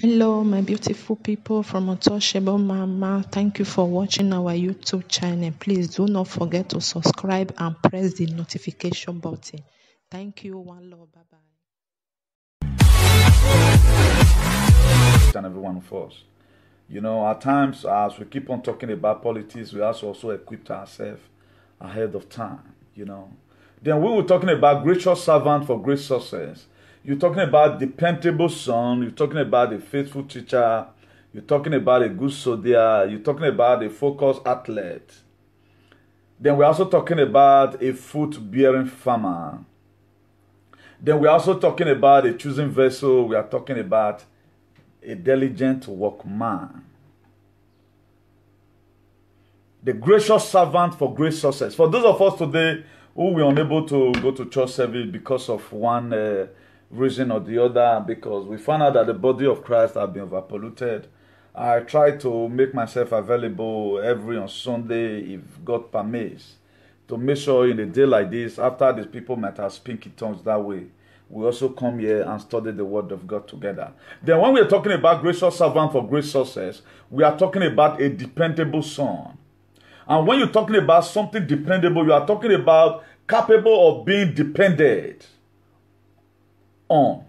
Hello, my beautiful people from Untouchable Mama. Thank you for watching our YouTube channel. Please do not forget to subscribe and press the notification button. Thank you. One love. Bye bye. And everyone, one of us. You know, at times, as we keep on talking about politics, we also also equip ourselves ahead of time, you know. Then we were talking about gracious servant for great success. You're talking about dependable son. You're talking about a faithful teacher. You're talking about a good soldier. You're talking about a focused athlete. Then we're also talking about a fruit-bearing farmer. Then we're also talking about a chosen vessel. We are talking about a diligent workman. The gracious servant for great success. For those of us today who were unable to go to church service because of one uh, reason or the other because we found out that the body of Christ had been overpolluted. I try to make myself available every on Sunday if God permits to make sure in a day like this, after these people might have speaking tongues that way, we also come here and study the word of God together. Then when we are talking about gracious servant for great success, we are talking about a dependable son. And when you're talking about something dependable, you are talking about capable of being depended on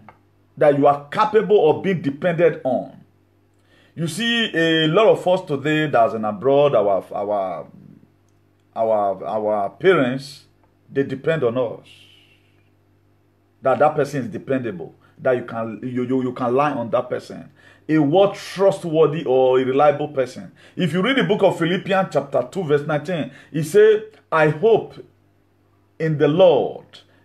that you are capable of being depended on. You see, a lot of us today that's in abroad, our our our our parents, they depend on us. That that person is dependable. That you can you you, you can rely on that person. A what trustworthy or a reliable person. If you read the book of Philippians chapter 2, verse 19, he said, I hope in the Lord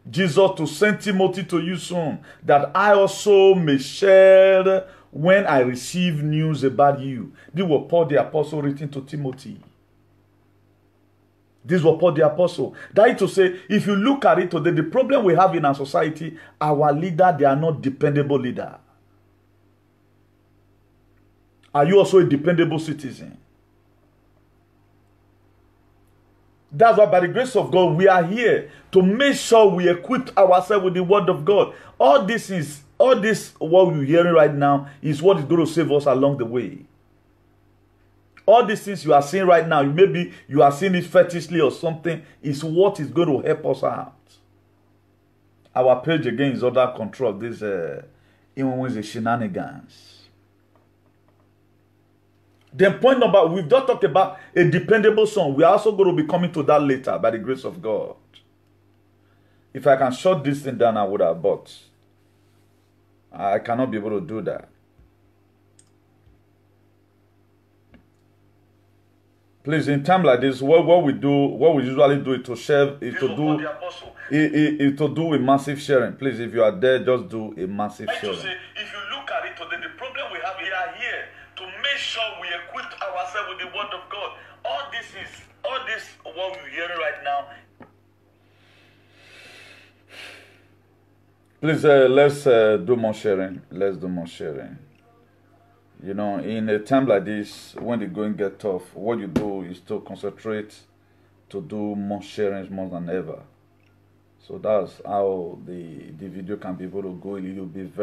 Jesus to send Timothy to you soon, that I also may share when I receive news about you. This was Paul the Apostle written to Timothy. This was Paul the Apostle. That is to say, if you look at it today, the problem we have in our society, our leader, they are not dependable leader. Are you also a dependable citizen? That's why, by the grace of God, we are here to make sure we equip ourselves with the Word of God. All this is, all this, what you're hearing right now, is what is going to save us along the way. All these things you are seeing right now, maybe you are seeing it fetishly or something, is what is going to help us out. Our page again is under control of this, uh, even with the shenanigans. Then point number, we've just talked about a dependable son. We're also going to be coming to that later by the grace of God. If I can shut this thing down, I would have, but I cannot be able to do that. Please, in time like this, what, what we do, what we usually do is to share, is to do, is, is, is to do a massive sharing. Please, if you are there, just do a massive sharing. Say, if you look at it today, the problem we have here, here make sure we equip ourselves with the word of God. All this is, all this, what we're hearing right now. Please, uh, let's uh, do more sharing. Let's do more sharing. You know, in a time like this, when the going get tough, what you do is to concentrate to do more sharing more than ever. So that's how the, the video can be able to go a be bit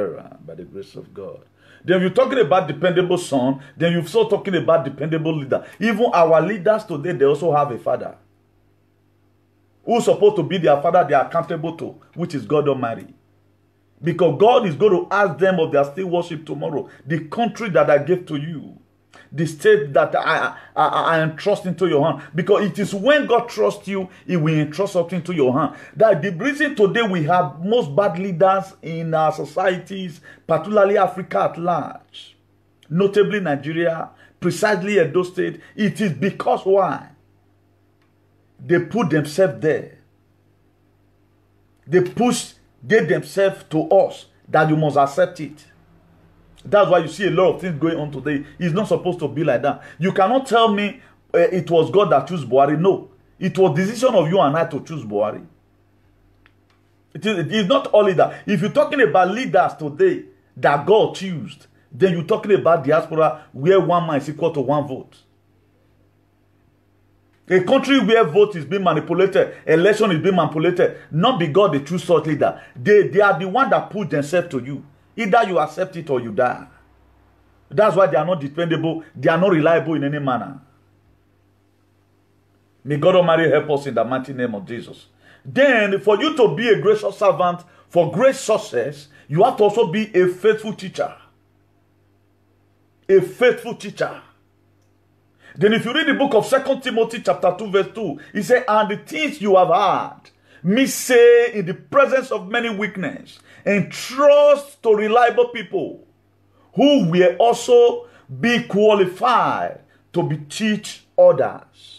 by the grace of God. Then you're talking about dependable son, then you're also talking about dependable leader. Even our leaders today, they also have a father. Who's supposed to be their father they are accountable to, which is God Almighty. Because God is going to ask them of their still worship tomorrow, the country that I gave to you the state that I, I, I entrust into your hand. Because it is when God trusts you, He will entrust something to your hand. That the reason today we have most bad leaders in our societies, particularly Africa at large, notably Nigeria, precisely Edo State, it is because why? They put themselves there. They push they themselves to us that you must accept it. That's why you see a lot of things going on today. It's not supposed to be like that. You cannot tell me uh, it was God that chose Buhari. No, it was decision of you and I to choose Buhari. It is, it is not only that. If you're talking about leaders today that God chose, then you're talking about diaspora where one man is equal to one vote. A country where vote is being manipulated, election is being manipulated, not because they choose such leader. They, they are the one that put themselves to you. Either you accept it or you die. That's why they are not dependable, they are not reliable in any manner. May God Almighty help us in the mighty name of Jesus. Then, for you to be a gracious servant for great success, you have to also be a faithful teacher. A faithful teacher. Then, if you read the book of Second Timothy, chapter 2, verse 2, he said, And the things you have heard me say in the presence of many weakness, and trust to reliable people who will also be qualified to be teach others.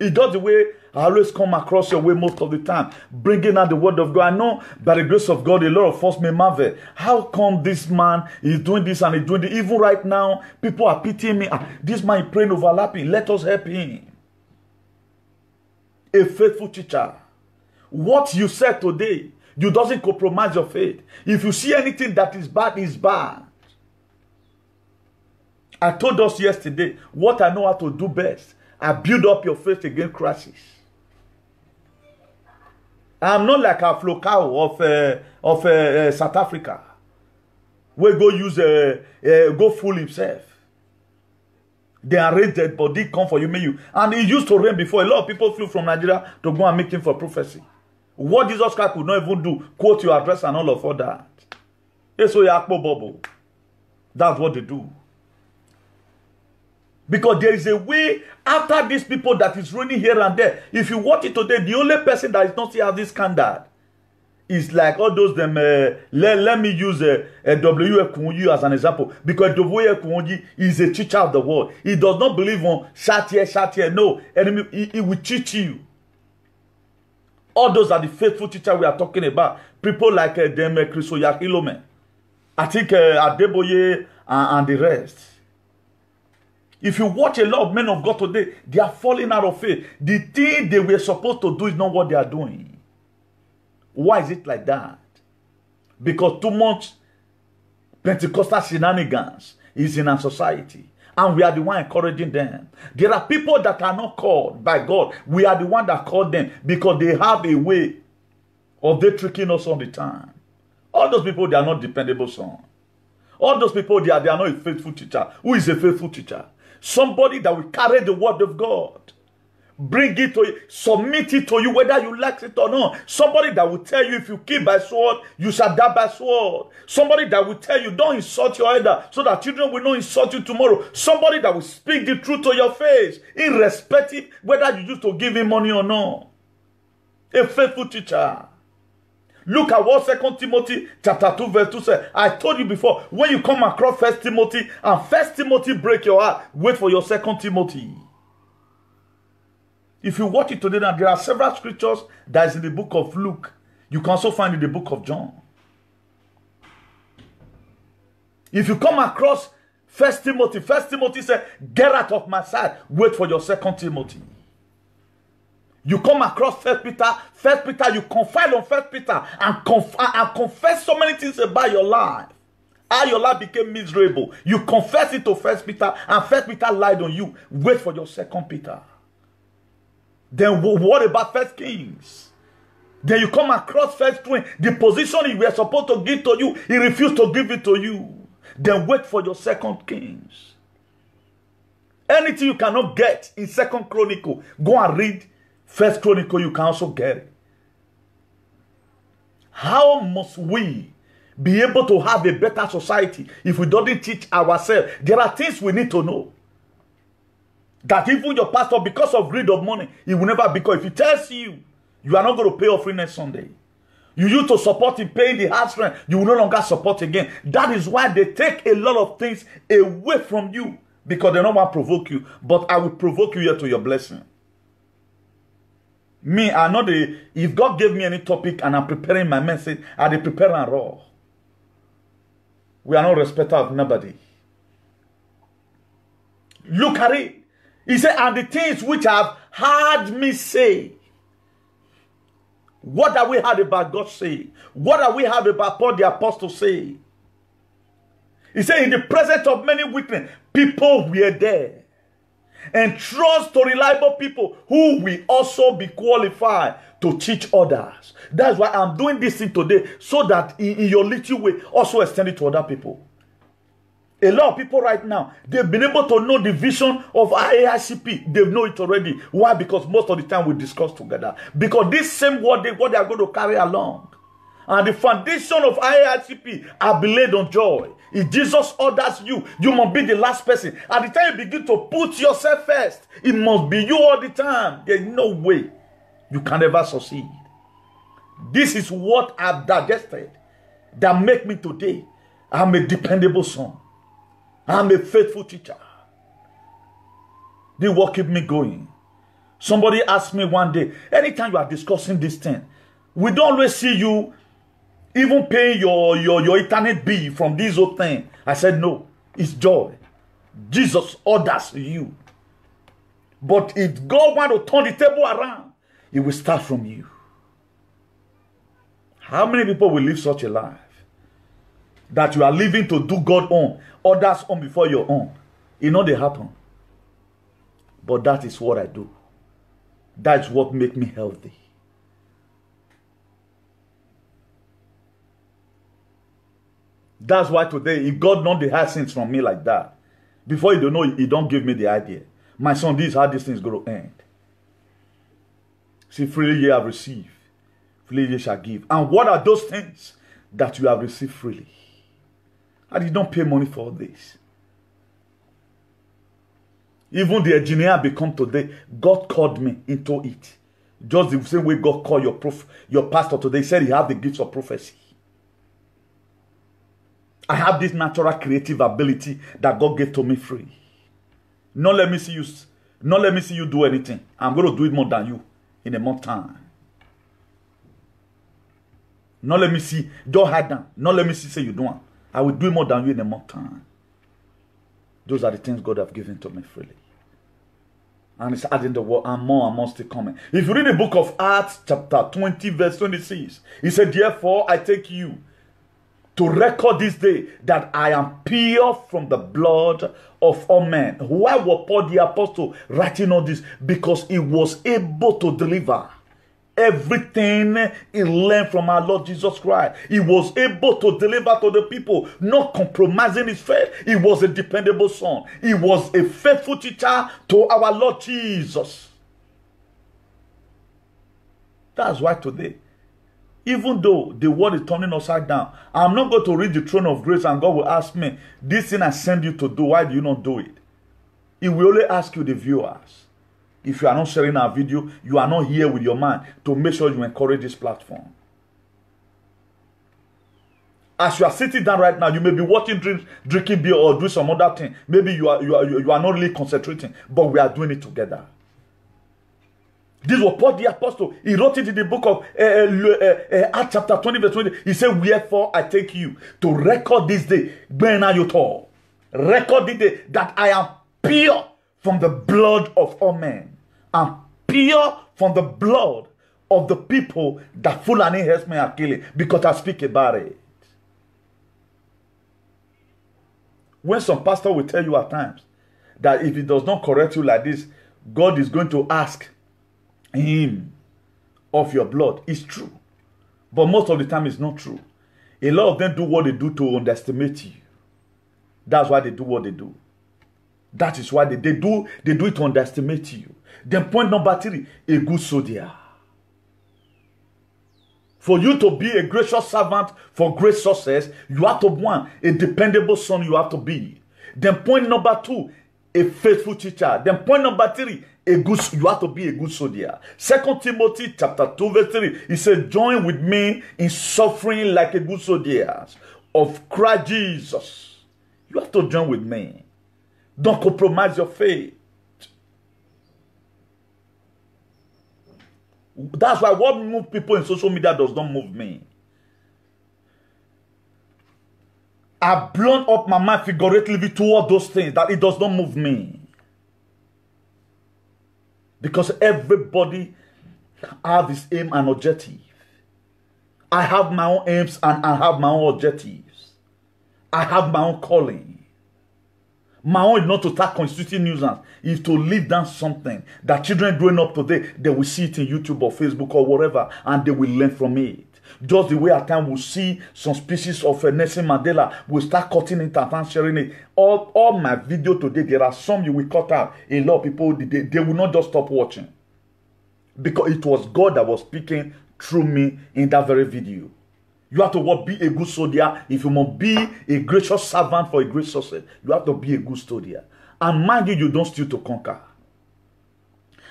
It does the way I always come across your way most of the time, bringing out the word of God. I know by the grace of God, a lot of us may marvel. How come this man is doing this and he's doing it? Even right now, people are pitying me. Ah, this man is praying overlapping. Let us help him. A faithful teacher. What you said today You doesn't compromise your faith. If you see anything that is bad, is bad. I told us yesterday what I know how to do best. I build up your faith against crisis. I'm not like a flocao of uh, of uh, uh, South Africa. We go use uh, uh, go fool himself. They arrange that body come for you, may you. And it used to rain before. A lot of people flew from Nigeria to go and meet him for prophecy. What Jesus Christ could not even do, quote your address and all of all that. Eso yakpo bubble. That's what they do. Because there is a way after these people that is running here and there. If you watch it today, the only person that is not here have this standard is like all those them. Uh, let, let me use a eh, uh, eh, W.F. Kunji as an example because W.F. Kunji is a teacher of the world. He does not believe on shout here, shout here. No, enemy, he, he will teach you. All those are the faithful teachers we are talking about. People like uh, them, uh, Chrisoya Hilome, I think uh, Adeboye, and, and the rest. If you watch a lot of men of God today, they are falling out of faith. The thing they were supposed to do is not what they are doing. Why is it like that? Because too much Pentecostal shenanigans is in our society and we are the one encouraging them. There are people that are not called by God. We are the one that called them because they have a way of they tricking us all the time. All those people, they are not dependable son. All those people, they are, they are not a faithful teacher. Who is a faithful teacher? Somebody that will carry the word of God. bring it to you, submit it to you, whether you like it or not. Somebody that will tell you if you keep by sword, you shall die by sword. Somebody that will tell you don't insult your elder so that children will not insult you tomorrow. Somebody that will speak the truth to your face, irrespective whether you used to give him money or not. A faithful teacher. Look at what Second Timothy chapter 2 verse 2 says. I told you before, when you come across First Timothy and First Timothy break your heart, wait for your Second Timothy. If you watch it today, now there are several scriptures that is in the book of Luke. You can also find in the book of John. If you come across First Timothy, First Timothy said, "Get out of my sight. Wait for your Second Timothy." You come across First Peter, First Peter, you confide on First Peter and, conf- and confess so many things about your life. How your life became miserable. You confess it to First Peter, and First Peter lied on you. Wait for your Second Peter. Then what about First Kings? Then you come across First Twin, the position he was supposed to give to you, he refused to give it to you. Then wait for your Second Kings. Anything you cannot get in Second Chronicle, go and read First Chronicle. You can also get it. How must we be able to have a better society if we don't teach ourselves? There are things we need to know that even your pastor, because of greed of money, he will never because if he tells you you are not going to pay offering next Sunday, you used to support him paying the house rent, you will no longer support again. That is why they take a lot of things away from you because they don't want to provoke you. But I will provoke you here to your blessing. Me, I know the if God gave me any topic and I'm preparing my message, I they prepare and raw. We are not respecter of nobody. Look at it. He said, And the things which have heard me say. What have we heard about God say? What have we heard about Paul the Apostle say? He said, In the presence of many witnesses, people were there. And trust to reliable people who will also be qualified to teach others. That's why I'm doing this thing today, so that in, in your little way, also extend it to other people. A lot of people right now, they've been able to know the vision of AICP. They know it already. Why? Because most of the time we discuss together. Because this same word they, what they are going to carry along. And the foundation of AICP, are believe on joy. If Jesus orders you, you must be the last person. At the time you begin to put yourself first, it must be you all the time. There's no way you can ever succeed. This is what I've digested that make me today. I'm a dependable son. I'm a faithful teacher. The work keep me going. Somebody asked me one day, anytime you are discussing this thing, we don't always see you even paying your, your, your internet bill from this old thing. I said, no, it's joy. Jesus orders you. But if God want to turn the table around, it will start from you. How many people will live such a life? that you are living to do God on, others on before your own. It not they happen. But that is what I do. That's what make me healthy. That's why today, if God not the hide things from me like that, before you don't know, he don't give me the idea. My son, this how these things go to end. See, freely ye have received, freely ye shall give. And what are those things that you have received freely? I did not pay money for this. Even the engineer I become today, God called me into it. Just the same way God called your prof, your pastor today. He said he have the gifts of prophecy. I have this natural creative ability that God gave to me free. Not let me see you, not let me see you do anything. I'm going to do it more than you in a month time. Not let me see, don't hide them. Not let me see say you don't. I will do more than you in a month time. Those are the things God have given to me freely. And it's adding the word, and more and more still coming. If you read the book of Acts, chapter 20, verse 26, he said, Therefore I take you to record this day that I am pure from the blood of all men. Why was Paul the apostle writing all this? Because he was able to deliver Everything he learned from our Lord Jesus Christ, he was able to deliver to the people, not compromising his faith. He was a dependable son, he was a faithful teacher to our Lord Jesus. That's why today, even though the world is turning upside down, I'm not going to read the throne of grace and God will ask me, This thing I send you to do, why do you not do it? He will only ask you, the viewers. If you are not sharing our video, you are not here with your mind to make sure you encourage this platform. As you are sitting down right now, you may be watching, drink, drinking beer, or doing some other thing. Maybe you are, you, are, you are not really concentrating, but we are doing it together. This was Paul the Apostle. He wrote it in the book of uh, uh, uh, Acts chapter 20, verse 20. He said, Wherefore I take you to record this day, Benayotol. Record the day that I am pure from the blood of all men and pure from the blood of the people that Fulani herdsmen are killing because I speak about it. When some pastor will tell you at times that if he does not correct you like this, God is going to ask him of your blood. It's true. But most of the time, it's not true. A lot of them do what they do to underestimate you. That's why they do what they do. That is why they, they do they do it to underestimate you. Then point number three, a good soldier. For you to be a gracious servant for great success, you have to be one, a dependable son you have to be. Then point number two, a faithful teacher. Then point number three, a good you have to be a good soldier. Second Timothy chapter 2, verse 3. He said, Join with me in suffering like a good soldier of Christ Jesus. You have to join with me. Don't compromise your faith. That's why what move people in social media does not move me. I've blown up my mind figuratively toward those things that it does not move me. Because everybody have his aim and objective. I have my own aims and I have my own objectives. I have my own calling. My own is not to start constituting nuisance. It's to leave down something that children growing up today, they will see it in YouTube or Facebook or whatever, and they will learn from it. Just the way at can we'll see some species of uh, Nelson Mandela, we'll start cutting it and sharing it. All, all my video today, there are some you will cut out. A lot of people, they, they will not just stop watching. Because it was God that was speaking through me in that very video. You have to what, be a good soldier. If you must be a gracious servant for a great success, you have to be a good soldier. And mind you, you don't steal to conquer.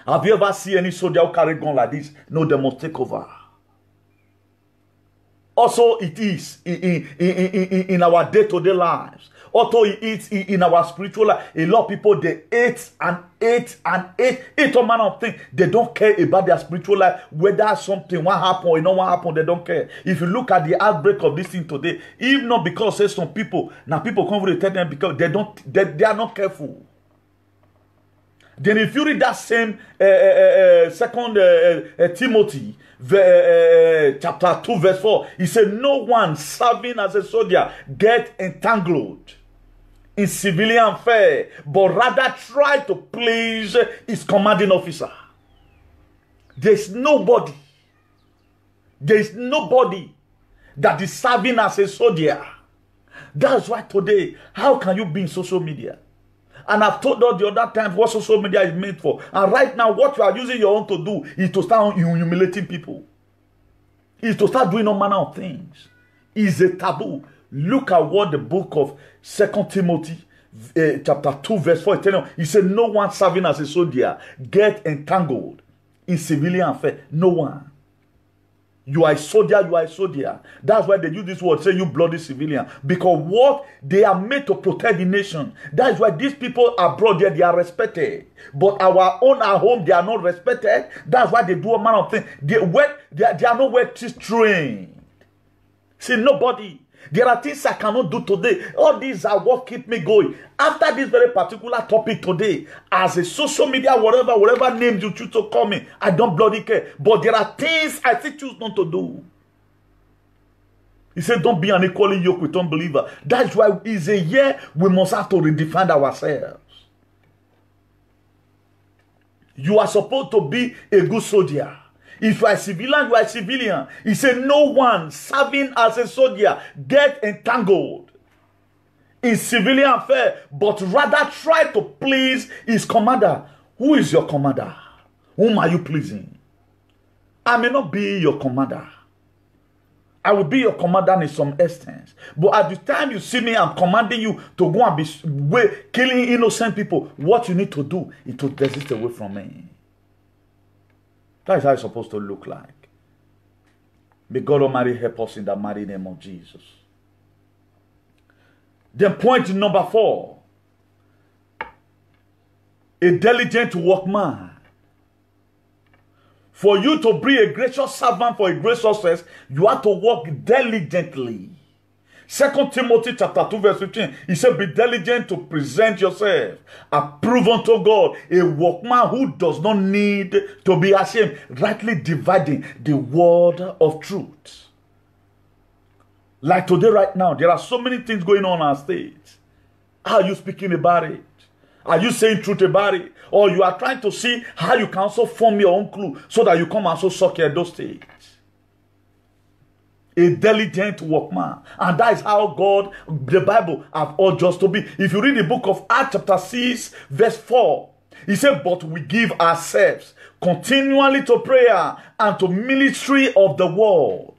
Have you ever seen any soldier who carry gun like this? No, they must take over. Also, it is in, in, in, in, in our day-to-day -day lives although he eats in our spiritual life a lot of people they eat and eat and eat eat a manner of thing. they don't care about their spiritual life whether something will happen or not will happen they don't care if you look at the outbreak of this thing today even not because say some people now people come to tell them because they don't they, they are not careful then if you read that same uh, uh, uh, second uh, uh, timothy the, uh, chapter two verse four, he said no one serving as a soldier get entangled in civilian fare, but rather try to please his commanding officer. There is nobody, There is nobody that is serving as a soldier. That's why today, how can you be in social media? And I've told all the other times what social media is made for. And right now, what you are using your own to do is to start humiliating people, is to start doing all manner of things. Is a taboo. Look at what the book of Second Timothy uh, chapter 2 verse 4 is telling us. He said, no one serving as a soldier get entangled in civilian affair. No one. You are a soldier, you are a soldier. That's why they use this word, say you bloody civilian. Because what they are made to protect the nation. That's why these people abroad there, they are respected. But our own at home, they are not respected. That's why they do a man of things. They, well, they, are, they are not well trained. See, nobody There are things I cannot do today. All these are what keep me going. After this very particular topic today, as a social media, whatever, whatever name you choose to call me, I don't bloody care. But there are things I still choose not to do. He said, Don't be an equally yoke with unbeliever. That's why it's a year we must have to redefine ourselves. You are supposed to be a good soldier. If you are civilian, you are civilian. He said, No one serving as a soldier get entangled in civilian affair, but rather try to please his commander. Who is your commander? Whom are you pleasing? I may not be your commander. I will be your commander in some instance. But at the time you see me, I'm commanding you to go and be killing innocent people. What you need to do is to desist away from me. That is how it's supposed to look like. May God Almighty help us in the mighty name of Jesus. Then point number four. A diligent workman. For you to be a gracious servant for a great success, you have to work diligently. Second Timothy chapter 2, verse 15. He said, Be diligent to present yourself approved unto God, a workman who does not need to be ashamed, rightly dividing the word of truth. Like today, right now, there are so many things going on on stage. How are you speaking about it? Are you saying truth about it? Or you are trying to see how you can also form your own clue so that you come and so suck your those things a diligent workman. And that is how God, the Bible, have urged us to be. If you read the book of Acts, chapter 6, verse 4, he said, But we give ourselves continually to prayer and to ministry of the word.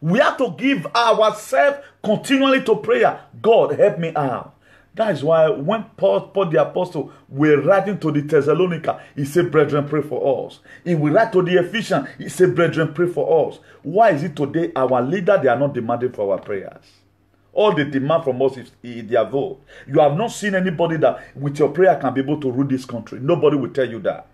We have to give ourselves continually to prayer. God, help me out. That is why when Paul, Paul the Apostle will writing to the Thessalonica, he said, Brethren, pray for us. He will write to the Ephesians, he said, Brethren, pray for us. Why is it today our leader, they are not demanding for our prayers? All they demand from us is, is their vote. You have not seen anybody that with your prayer can be able to rule this country. Nobody will tell you that.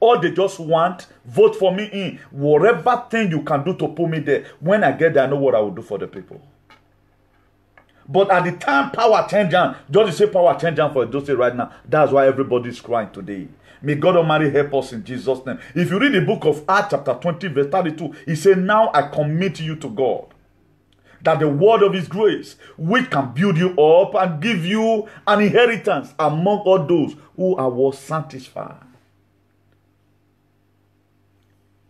All they just want, vote for me in. Whatever thing you can do to put me there. When I get there, I know what I will do for the people. But at the time, power turned down. Just say power turned down for Edosie right now. That's why everybody is crying today. May God Almighty help us in Jesus' name. If you read the book of Acts, chapter 20, verse 32, he said, Now I commit you to God. That the word of his grace, which can build you up and give you an inheritance among all those who are well satisfied.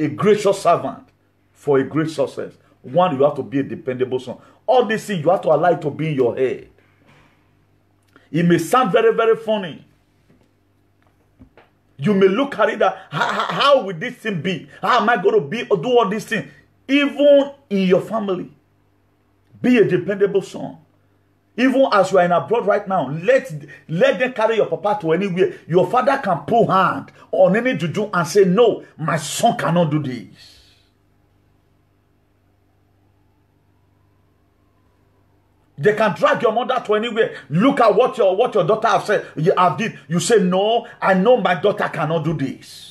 A gracious servant for a great success. One, you have to be a dependable son. All this thing you have to allow it to be in your head. It may sound very, very funny. You may look at it that how, how, will this thing be? How am I going to be or do all these things? Even in your family, be a dependable son. Even as you are in abroad right now, let, let them carry your papa to anywhere. Your father can pull hand on any juju and say, No, my son cannot do this. They can drag your mother to anywhere. Look at what your what your daughter have said. You have did. You say no. I know my daughter cannot do this.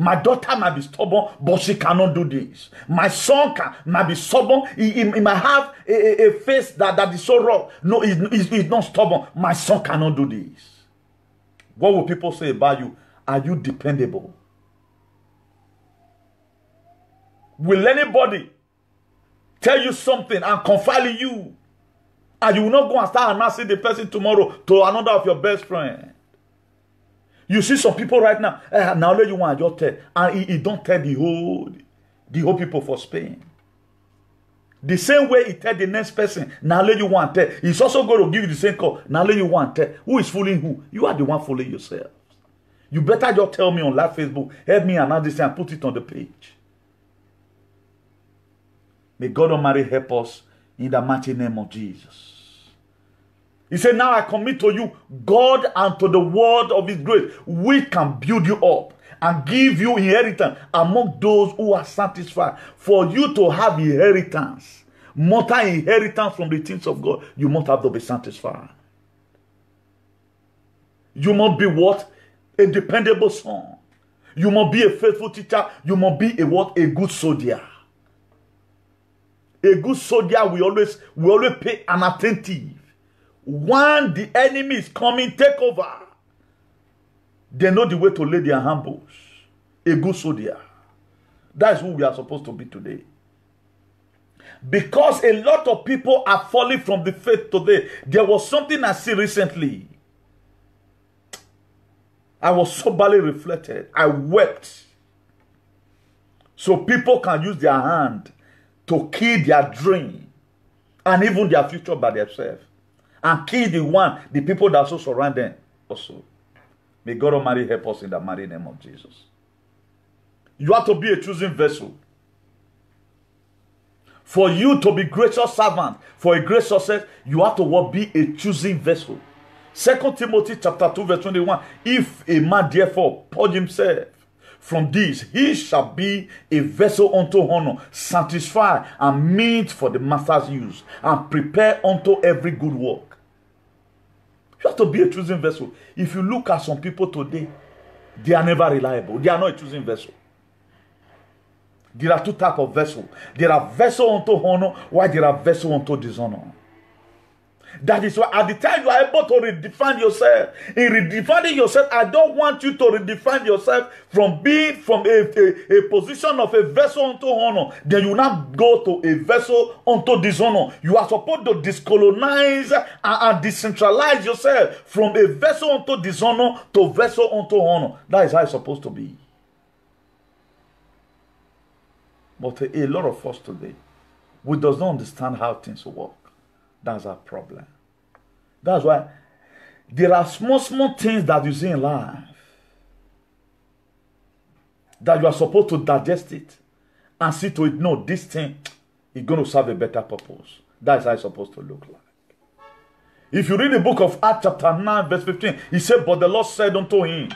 My daughter might be stubborn, but she cannot do this. My son can, might be stubborn. He, he, he might have a, a, a, face that, that is so rough. No, he's, he's, not stubborn. My son cannot do this. What will people say about you? Are you dependable? Will anybody tell you something and confide in you And you will not go and start announcing the person tomorrow to another of your best friend. You see some people right now, eh, now let you want just tell. And he, he don't tell the whole, the whole people for Spain. The same way he tell the next person, now let you want tell. He's also going to give you the same call, now let you want tell. Who is fooling who? You are the one fooling yourself. You better just tell me on live Facebook, help me announce this and put it on the page. May God Almighty help us in the mighty name of Jesus. He said, Now I commit to you God and to the word of his grace, which can build you up and give you inheritance among those who are satisfied. For you to have inheritance, mortal inheritance from the things of God, you must have to be satisfied. You must be what? A dependable son. You must be a faithful teacher. You must be a what? A good soldier. A good soldier will always will always pay an attentive. When the enemy is coming, take over. They know the way to lay their ambush. A good soldier. that is who we are supposed to be today. Because a lot of people are falling from the faith today. There was something I see recently. I was soberly reflected. I wept. So people can use their hand to kill their dream and even their future by themselves. And kill the one, the people that so surround them also. May God Almighty help us in the mighty name of Jesus. You have to be a choosing vessel. For you to be gracious servant, for a great success, you have to be a choosing vessel. Second Timothy chapter 2, verse 21. If a man therefore purge himself From this he shall be a vessel unto honor, satisfied and meet for the master's use, and prepare unto every good work. You have to be a choosing vessel. If you look at some people today, they are never reliable. They are not a choosing vessel. There are two types of vessel. There are vessel unto honor, while there are vessel unto dishonor. That is why at the time you are able to redefine yourself. In redefining yourself, I don't want you to redefine yourself from being from a, a, a position of a vessel unto honor. Then you now go to a vessel unto dishonor. You are supposed to discolonize and, and decentralize yourself from a vessel unto dishonor to vessel unto honor. That is how it's supposed to be. But a, lot of us today, we does not understand how things work. That's a problem. That's why there are small, small things that you see in life that you are supposed to digest it and see to it, no, this thing is going to serve a better purpose. That's how it's supposed to look like. If you read the book of Acts, chapter 9, verse 15, he said, But the Lord said unto him,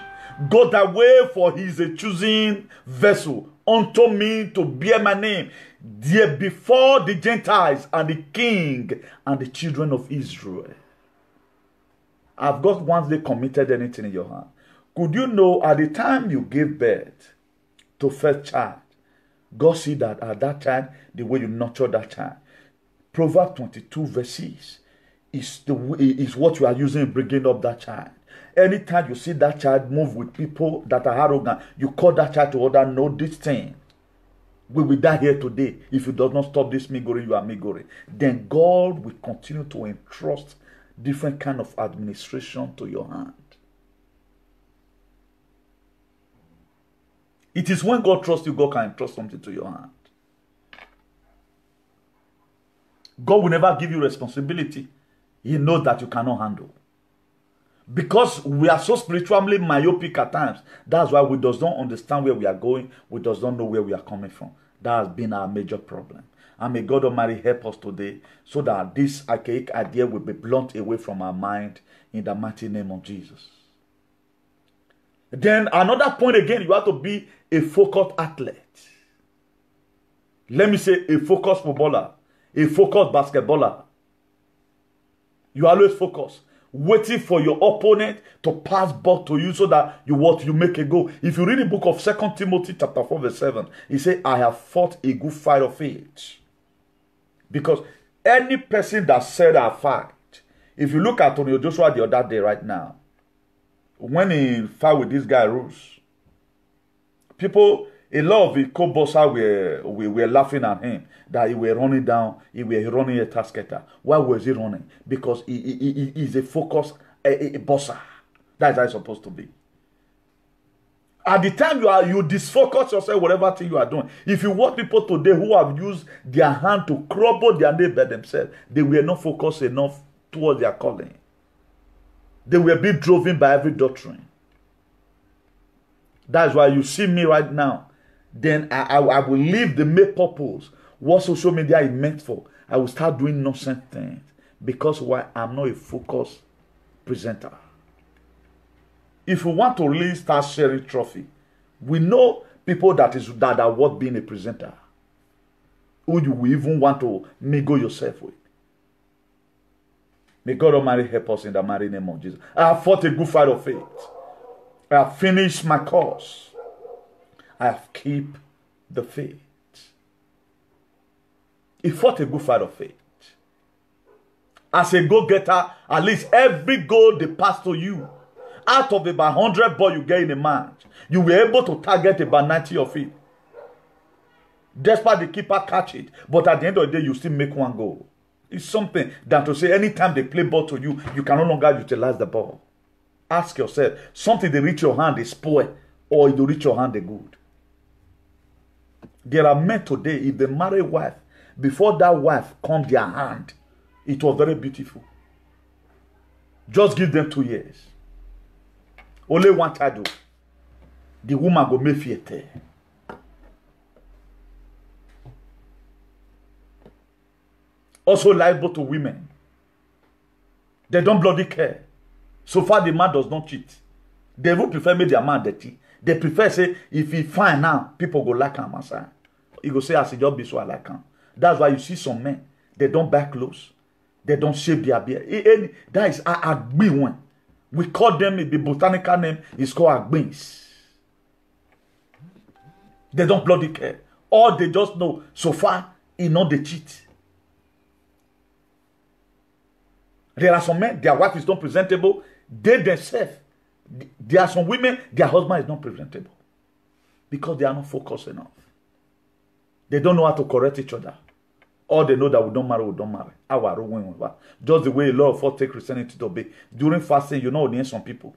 Go thy way, for he is a choosing vessel unto me to bear my name. there before the Gentiles and the king and the children of Israel. Have God once they committed anything in your hand? Could you know at the time you gave birth to first child, God see that at that time, the way you nurture that child. Proverbs 22 verses is, the, is what you are using in bringing up that child. Anytime you see that child move with people that are arrogant, you call that child to order, know this thing we will die here today if you do not stop this migori you are migori then god will continue to entrust different kind of administration to your hand it is when god trusts you god can entrust something to your hand god will never give you responsibility he knows that you cannot handle because we are so spiritually myopic at times that's why we does not understand where we are going we does not know where we are coming from that has been our major problem. And may God Almighty help us today so that this archaic idea will be blunt away from our mind in the mighty name of Jesus. Then, another point again, you have to be a focused athlete. Let me say, a focused footballer, a focused basketballer. You always focus. waiting for your opponent to pass back to you so that you what you make a goal. If you read the book of Second Timothy chapter 4, verse 7, he said, I have fought a good fight of it." Because any person that said I fight, if you look at Antonio Joshua the other day right now, when he fought with this guy Rose, people a lot of the Kobosa were, we were laughing at him that he were running down, he were running a tasketer. Why was he running? Because he, he, he, is a focus, a, a, a bosser. That's how he supposed to be. At the time you are you disfocus yourself, whatever thing you are doing. If you watch people today who have used their hand to crumble their neighbor themselves, they were not focused enough towards their calling. They were being driven by every doctrine. That's why you see me right now then I, I, I will leave the main purpose, what social media is meant for. I will start doing nonsense things because why I'm not a focused presenter. If you want to really start sharing trophy, we know people that is that are worth being a presenter. Who you will even want to mingle yourself with. May God Almighty help us in the mighty name of Jesus. I have fought a good fight of faith. I have finished my course have kept the faith. He fought a good fight of faith. As a go getter, at least every goal they pass to you, out of about 100 ball you get in a match, you were able to target about 90 of it. Despite the keeper catch it, but at the end of the day, you still make one goal. It's something that to say anytime they play ball to you, you can no longer utilize the ball. Ask yourself, something they reach your hand is poor, or it will reach your hand they good. There are men today, if they marry wife, before that wife come their hand, it was very beautiful. Just give them two years. Only one child. Oh. The woman go make theater. Also liable to women. They don't bloody care. So far, the man does not cheat. They would prefer me their man dirty. They prefer say if he fine now people go like am as He go say as e just be so i like am that's why you see some men they don buy clothes they don shave their beard e any that is one. we call them the botanical name is called agbins they don bloody care all they just know so far e no dey cheat there are some men their wife is not presentable they themselves There are some women, their husband is not presentable because they are not focused enough. They don't know how to correct each other. All they know that we don't marry, we don't marry. Our women, just the way a lot of us take Christianity to be. During fasting, you know, near some people.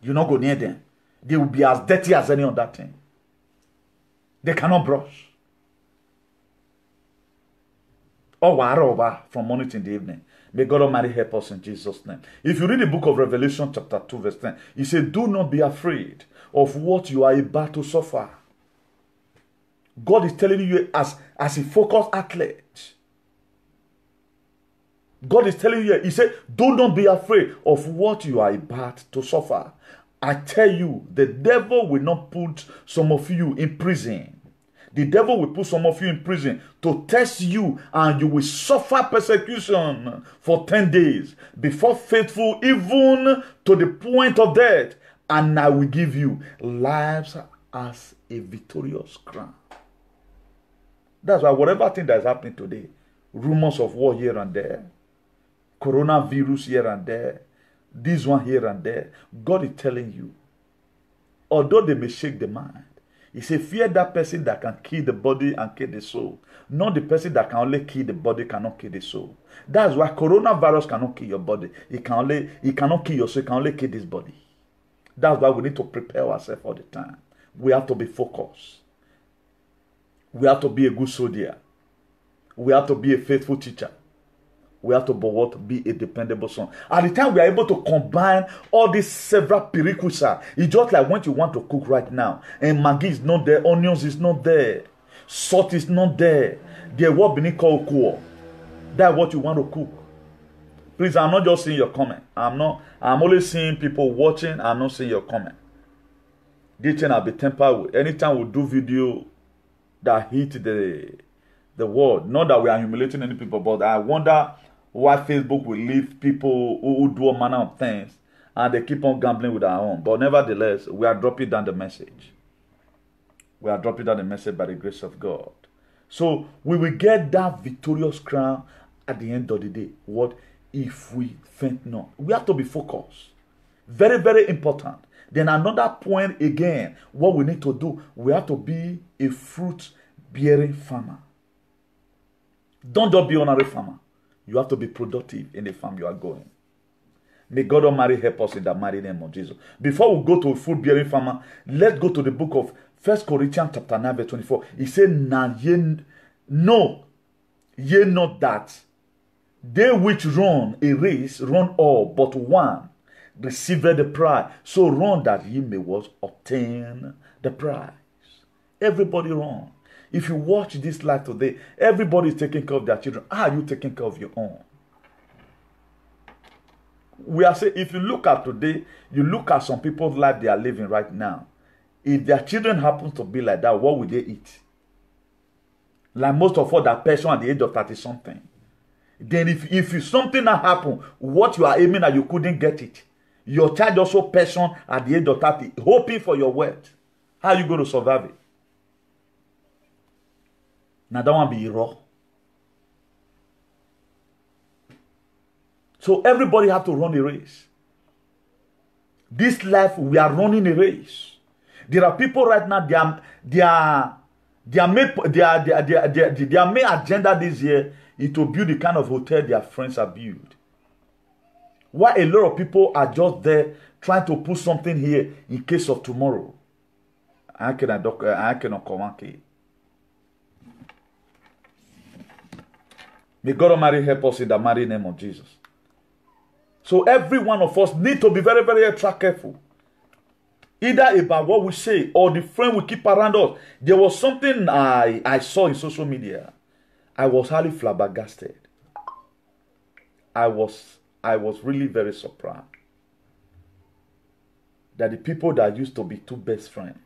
You not go near them. They will be as dirty as any other thing. They cannot brush. Or whatever from morning to the evening. May God Almighty help us in Jesus' name. If you read the book of Revelation, chapter 2, verse 10, he said, Do not be afraid of what you are about to suffer. God is telling you as, as a focused athlete. God is telling you, He said, Do not be afraid of what you are about to suffer. I tell you, the devil will not put some of you in prison the devil will put some of you in prison to test you, and you will suffer persecution for 10 days before faithful, even to the point of death. And I will give you lives as a victorious crown. That's why, whatever thing that is happening today, rumors of war here and there, coronavirus here and there, this one here and there, God is telling you, although they may shake the mind, He said, Fear that person that can kill the body and kill the soul. Not the person that can only kill the body, cannot kill the soul. That's why coronavirus cannot kill your body. It can only it cannot kill your soul, it can only kill this body. That's why we need to prepare ourselves all the time. We have to be focused. We have to be a good soldier. We have to be a faithful teacher we have to but what be a dependable son. At the time we are able to combine all these several prerequisites, it's just like when you want to cook right now, and maggi is not there, onions is not there, salt is not there. There what being called cool. That's what you want to cook. Please, I'm not just seeing your comment. I'm not. I'm only seeing people watching. I'm not seeing your comment. This thing I'll be tempered with. Anytime we do video that hit the the world, not that we are humiliating any people, but I wonder why Facebook will leave people who do a manner of things and they keep on gambling with our own. But nevertheless, we are dropping down the message. We are dropping down the message by the grace of God. So we will get that victorious crown at the end of the day. What if we faint not? We have to be focused. Very, very important. Then another point again, what we need to do, we have to be a fruit bearing farmer. Don't just be honorary farmer. You have to be productive in the farm you are going. May God Almighty help us in the mighty name of Jesus. Before we go to a food bearing farmer, let's go to the book of First Corinthians chapter 9, verse 24. He said, nah, ye, No, ye not that. They which run a race run all, but one received the prize. So run that ye may was obtain the prize. Everybody run. If you watch this live today, everybody is taking care of their children. How are you taking care of your own? We are saying, if you look at today, you look at some people's life they are living right now. If their children happen to be like that, what will they eat? Like most of all that person at the age of 30 something. Then if, if something that happen, what you are aiming at, you couldn't get it. Your child also person at the age of 30, hoping for your wealth. How you going to survive it? Now that one be raw. So everybody have to run a race. This life, we are running a race. There are people right now, they are, they are, they are their they are they are they are main agenda this year is to build the kind of hotel their friends have built. Why a lot of people are just there trying to put something here in case of tomorrow. I cannot, I cannot come and May God Almighty help us in the mighty name of Jesus. So every one of us need to be very, very extra careful. Either about what we say or the friend we keep around us. There was something I, I saw in social media. I was highly flabbergasted. I was I was really very surprised that the people that used to be two best friends,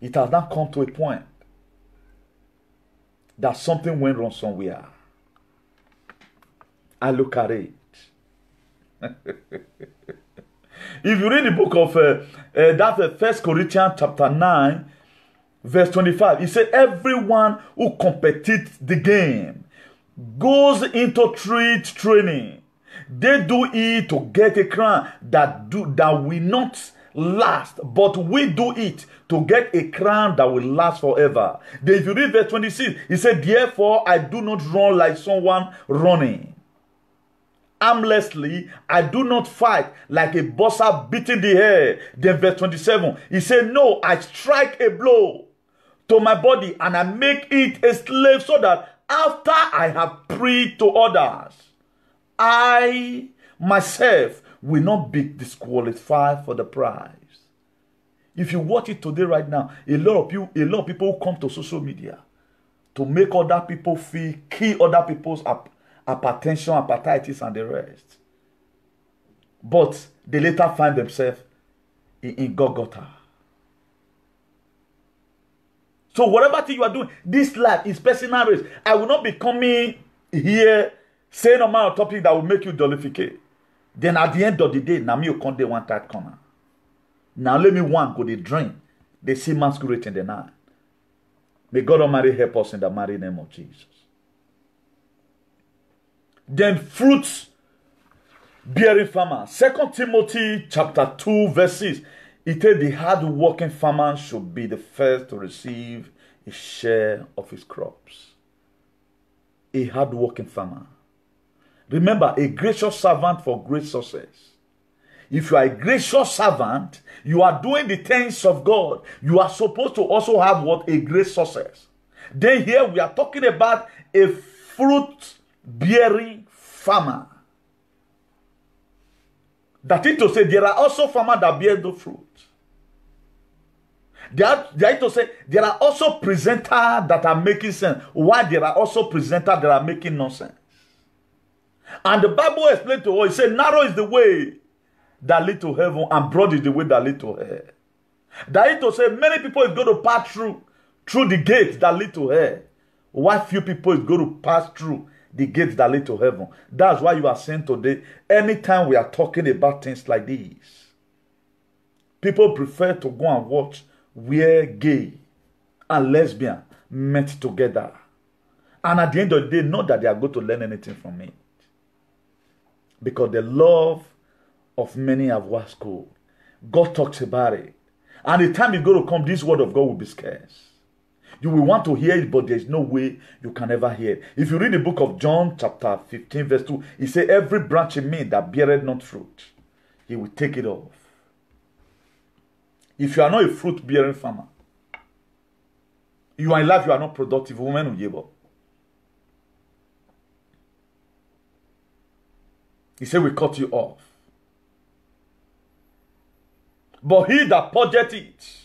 it has now come to a point that something went wrong somewhere. I look at it. if you read the book of uh, uh, that's uh, First Corinthians chapter nine, verse twenty-five, he said, "Everyone who competes the game goes into trade training. They do it to get a crown that do that will not last, but we do it to get a crown that will last forever. Then if you read verse 26, he said, Therefore I do not run like someone running. Harmlessly, I do not fight like a boxer beating the air. Then verse 27, he said, No, I strike a blow to my body and I make it a slave so that after I have prayed to others, I myself will not be disqualified for the prize. If you watch it today, right now, a lot of you, a lot of people come to social media to make other people feel, kill other people's ap- hypertension, hepatitis, and the rest. But they later find themselves in, in Golgotha. So whatever thing you are doing, this life is personal race. I will not be coming here saying a man topic that will make you dolificate then at the end of the day na me go come dey one tight corner na only me one go dey drink dey see masquerade in the night may god almighty help us in the mighty name of jesus then fruits bearing farmer second timothy chapter two verses. 6 it says the hard-working farmer should be the first to receive a share of his crops a hard-working farmer Remember, a gracious servant for great success. If you are a gracious servant, you are doing the things of God. You are supposed to also have what? A great success. Then here we are talking about a fruit bearing farmer. That is to say, there are also farmers that bear the fruit. There, are, they are to say there are also presenters that are making sense. Why there are also presenters that are making nonsense. And the Bible explained to us, it said, narrow is the way that lead to heaven, and broad is the way that lead to hell. That is to say, many people is going to pass through, through the gates that lead to hell. Why few people is going to pass through the gates that lead to heaven? That's why you are saying today, anytime we are talking about things like this, people prefer to go and watch where gay and lesbian met together. And at the end of the day, not that they are going to learn anything from me because the love of many have waxed cold. God talks about it. And the time is going to come, this word of God will be scarce. You will want to hear it, but there's no way you can ever hear it. If you read the book of John, chapter 15, verse 2, he said, Every branch in me that beareth not fruit, he will take it off. If you are not a fruit bearing farmer, you are in life, you are not productive, woman you labor. He said, We cut you off. But he that purgeth it,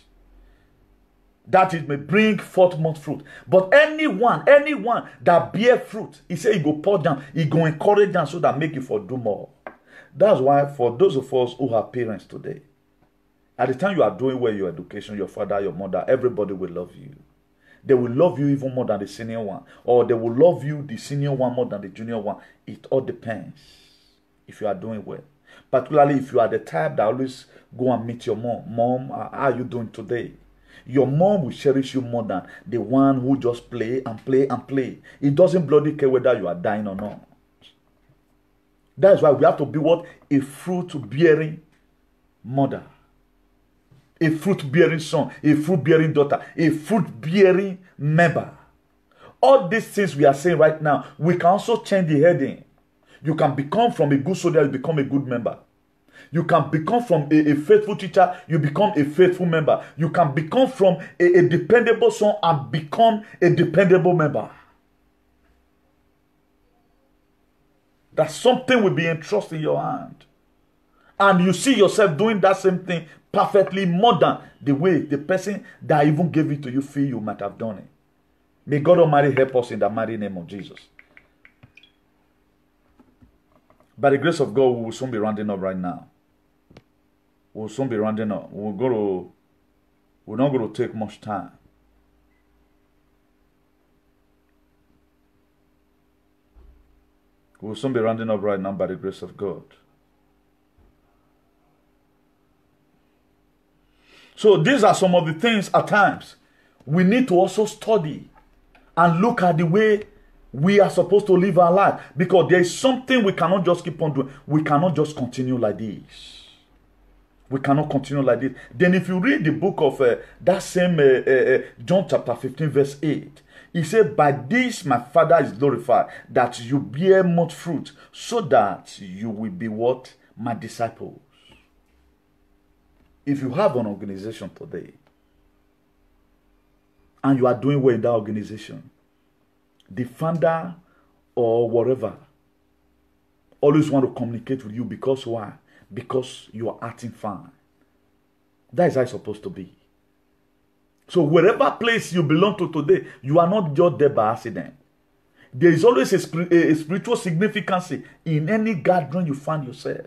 that it may bring forth much fruit. But anyone, anyone that bear fruit, he said, He go pour down, he go encourage them so that make you for do more. That's why, for those of us who are parents today, at the time you are doing well your education, your father, your mother, everybody will love you. They will love you even more than the senior one, or they will love you the senior one more than the junior one. It all depends if you are doing well. Particularly if you are the type that always go and meet your mom. Mom, uh, how are you doing today? Your mom will cherish you more than the one who just play and play and play. It doesn't bloody care whether you are dying or not. That's why we have to be what? A fruit bearing mother, a fruit bearing son, a fruit bearing daughter, a fruit bearing member. All these things we are saying right now, we can also change the heading. You can become from a good soldier, you become a good member. You can become from a, a faithful teacher, you become a faithful member. You can become from a, a dependable son and become a dependable member. That something will be entrusted in your hand. And you see yourself doing that same thing perfectly more than the way the person that even gave it to you feel you might have done it. May God Almighty help us in the mighty name of Jesus. By the grace of God, we will soon be rounding up right now. We'll soon be rounding up. We're go to, we're not going to take much time. We'll soon be rounding up right now by the grace of God. So these are some of the things at times we need to also study and look at the way we are supposed to live our life because there is something we cannot just keep on doing. We cannot just continue like this. We cannot continue like this. Then, if you read the book of uh, that same uh, uh, uh John chapter 15, verse 8, he said, By this my Father is glorified, that you bear much fruit, so that you will be what? My disciples. If you have an organization today, and you are doing well in that organization, Defender, or whatever always want to communicate with you because why? Because you are acting fine. That is how it's supposed to be. So wherever place you belong to today, you are not just there by accident. There is always a, spir- a spiritual significance in any gathering you find yourself.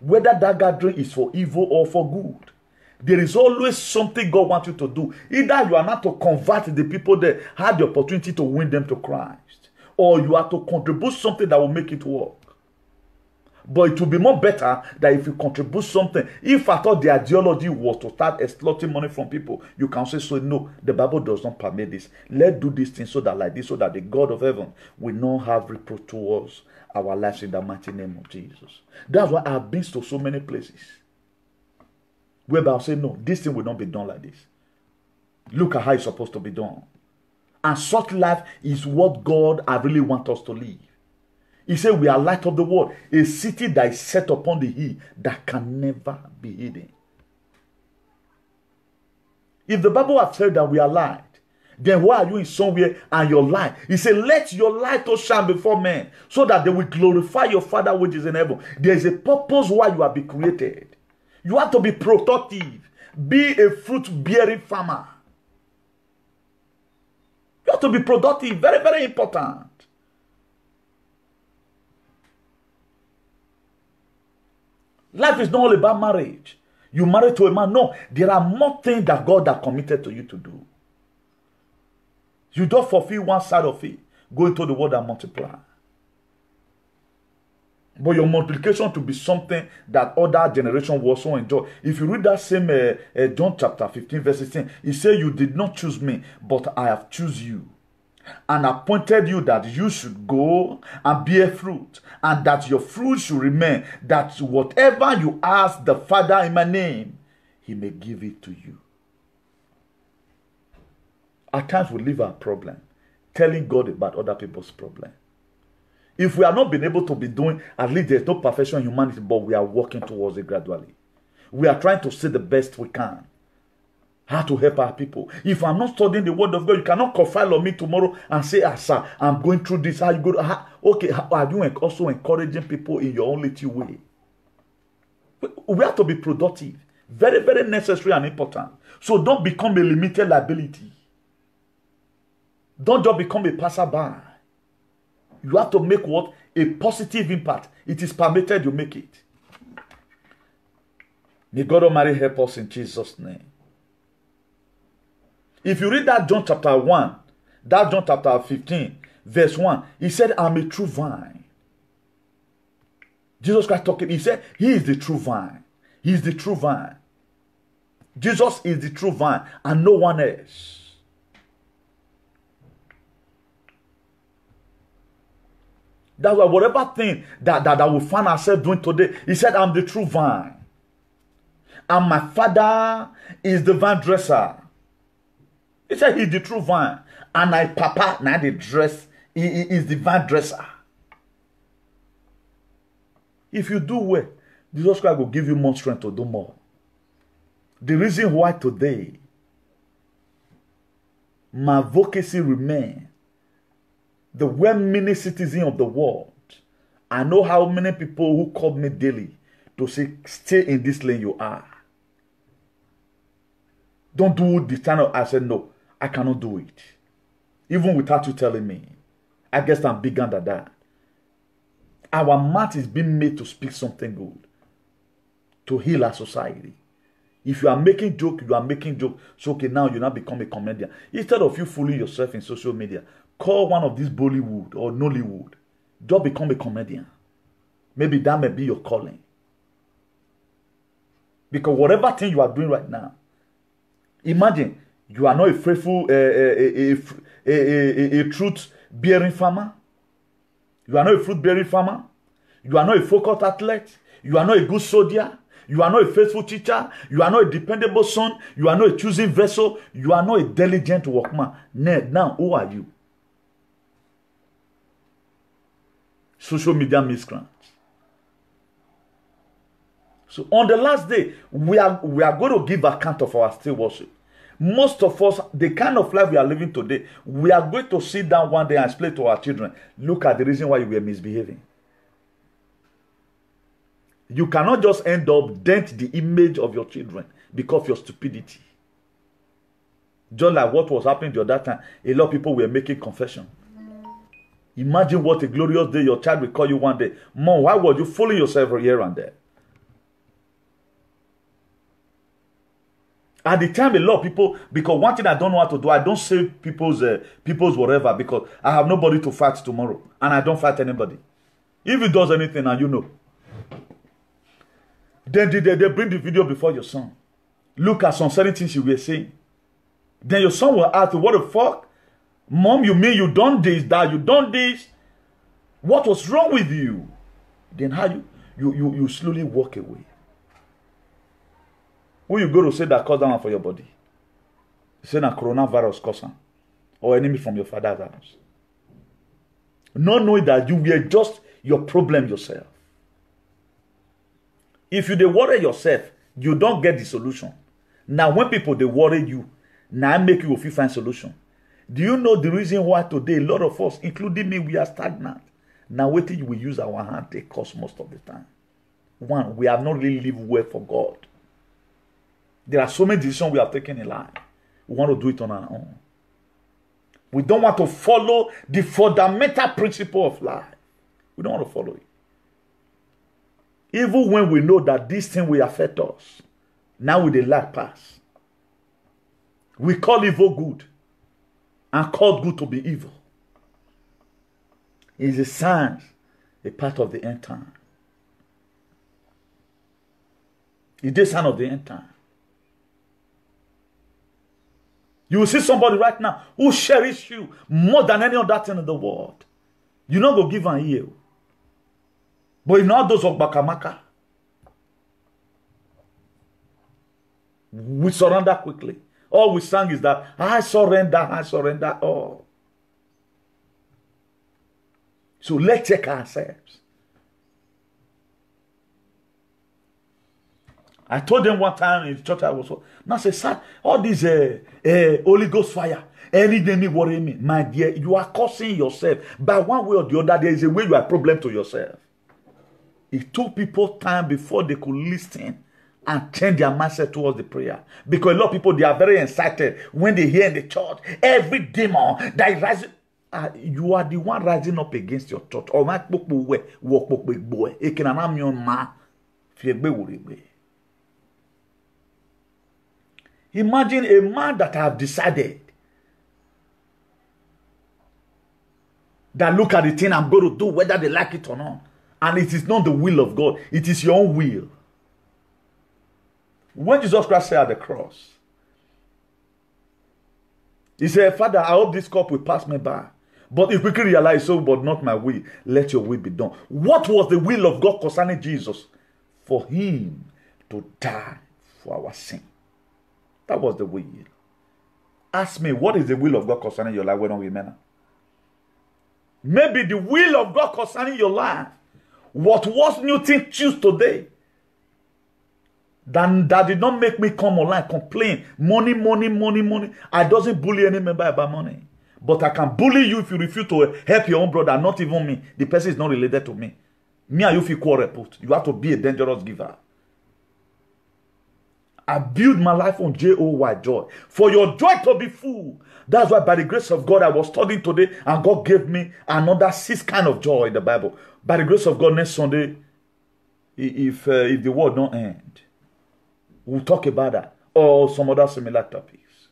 Whether that gathering is for evil or for good. There is always something God wants you to do. Either you are not to convert the people that had the opportunity to win them to Christ, or you are to contribute something that will make it work. But it will be more better that if you contribute something, if at all the ideology was to start exploiting money from people, you can say, so no, the Bible does not permit this. Let's do this thing so that like this, so that the God of heaven will not have reproach towards our lives in the mighty name of Jesus. That's why I've been to so many places. whereby I'll say, no, this thing will not be done like this. Look at how it's supposed to be done. And such life is what God I really want us to live. He said, We are light of the world, a city that is set upon the hill that can never be hidden. If the Bible has said that we are light, then why are you in somewhere and your light? He said, Let your light to shine before men so that they will glorify your Father which is in heaven. There is a purpose why you have been created. You have to be productive. Be a fruit bearing farmer. You have to be productive. Very, very important. Life is not all about marriage. You marry to a man. No, there are more things that God has committed to you to do. You don't fulfill one side of it. Go into the world and multiply. But your multiplication to be something that other generation will also enjoy. If you read that same uh, uh, John chapter 15 verse 16, he said, you did not choose me, but I have choose you and appointed you that you should go and bear fruit, and that your fruit should remain, that whatever you ask the Father in my name, he may give it to you. At times we leave our problem, telling God about other people's problem. If we have not been able to be doing, at least there's no perfection in humanity, but we are working towards it gradually. We are trying to see the best we can. How to help our people. If I'm not studying the word of God, you cannot confide on me tomorrow and say, ah, sir, I'm going through this. How you go? Ah, okay, how are you also encouraging people in your own little way? We have to be productive. Very, very necessary and important. So don't become a limited liability. Don't just become a passerby you have to make what? A positive impact. It is permitted you make it. May God Almighty help us in Jesus' name. If you read that John chapter 1, that John chapter 15, verse 1, he said, I'm a true vine. Jesus Christ talking, he said, He is the true vine. He is the true vine. Jesus is the true vine and no one else. That's why whatever thing that, that, that we find ourselves doing today, he said, I'm the true vine. And my father is the vine dresser. He said he's the true vine. And I papa now the dress. He, he is the vine dresser. If you do well, Jesus Christ will give you more strength to do more. The reason why today my vocacy remains the well-meaning citizen of the world. I know how many people who call me daily to say, stay in this lane you are. Don't do this channel. I said, no, I cannot do it. Even without you telling me. I guess I'm bigger than that. Our mouth is being made to speak something good. To heal our society. If you are making joke, you are making joke. So okay, now you now become a comedian. Instead of you fooling yourself in social media, call one of these Bollywood or Nollywood, just become a comedian. Maybe that may be your calling. Because whatever thing you are doing right now, imagine you are not a faithful, uh, a, a, a, a, truth bearing farmer. You are not a fruit bearing farmer. You are not a focused athlete. You are not a good soldier. You are not a faithful teacher. You are not a dependable son. You are not a choosing vessel. You are not a diligent workman. Now, who are you? social media miscreant. So on the last day, we are we are going to give account of our still worship. Most of us, the kind of life we are living today, we are going to sit down one day and explain to our children, look at the reason why you were misbehaving. You cannot just end up dent the image of your children because of your stupidity. Just like what was happening the other time, a lot of people were making confession. Imagine what a glorious day your child will call you one day. Mom, why were you fooling yourself here and there? At the time, a lot of people, because one thing I don't know how to do, I don't say people's uh, people's whatever because I have nobody to fight tomorrow, and I don't fight anybody. If he does anything, and you know, then they, they, they bring the video before your son. Look at some certain things you were saying. Then your son will ask, "What the fuck? Mom, you mean you done this, that you done this? What was wrong with you? Then how you you you, you slowly walk away. Who you go to say that cause that for your body? say na coronavirus cause or enemy from your father's house. Not knowing that you were just your problem yourself. If you they worry yourself, you don't get the solution. Now when people they worry you, na make you go fit find solution. Do you know the reason why today a lot of us, including me, we are stagnant? Now, waiting, we use our hand take us most of the time. One, we have not really lived well for God. There are so many decisions we have taken in life. We want to do it on our own. We don't want to follow the fundamental principle of life. We don't want to follow it. Even when we know that this thing will affect us, now we the lack pass. We call evil good and called good to be evil is a sign, a part of the end time. It's the sign of the end time. You will see somebody right now who cherishes you more than any other thing in the world. You not go give an ear. But if not those of Bakamaka, we surrender quickly. All we sang is that I surrender, I surrender all. So let's check ourselves. I told them one time in church I was now say sad all this uh, uh, Holy Ghost fire any day me worry me my dear you are causing yourself by one way or the other there is a way you are problem to yourself. It took people time before they could listen and change their mindset towards the prayer. Because a lot of people they are very excited when they hear in the church every demon that is rising. Uh, you are the one rising up against your church. Ọmọ akpọkpọ wẹ wọ ọkpọkpọ egbò Imagine a man that have decided that look at the thing I'm going to do whether they like it or not and it is not the will of God it is your own will. When Jesus Christ said at the cross, he said, Father, I hope this cup will pass me by. But if we can realize so, oh, but not my will. Let your will be done. What was the will of God concerning Jesus? For him to die for our sin. That was the will. Ask me, what is the will of God concerning your life? We don't remember. Maybe the will of God concerning your life. What was new thing choose today that, that did not make me come online complain money money money money i doesn't bully any member about money but i can bully you if you refuse to help your own brother not even me the person is not related to me me and you feel quarrel put you have to be a dangerous giver i build my life on joy joy for your joy to be full that's why by the grace of god i was studying today and god gave me another six kind of joy in the bible by the grace of god next sunday if uh, if the world don't end We'll talk about that or some other similar topics.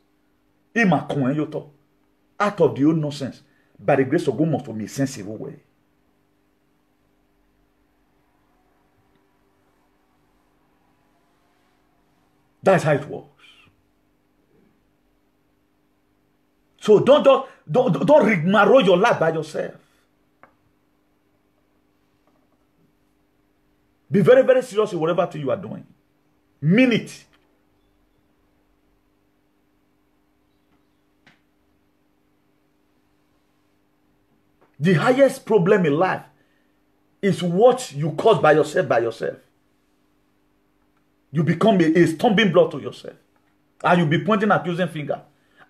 Ima kwen yoto. Out of the old nonsense. By the grace of God must be sensible way. That's how it works. So don't just don't, don't rigmarole your life by yourself. Be very, very serious in whatever thing you are doing minute. The highest problem in life is what you cause by yourself by yourself. You become a, a stumbling block to yourself. And you'll be pointing accusing finger.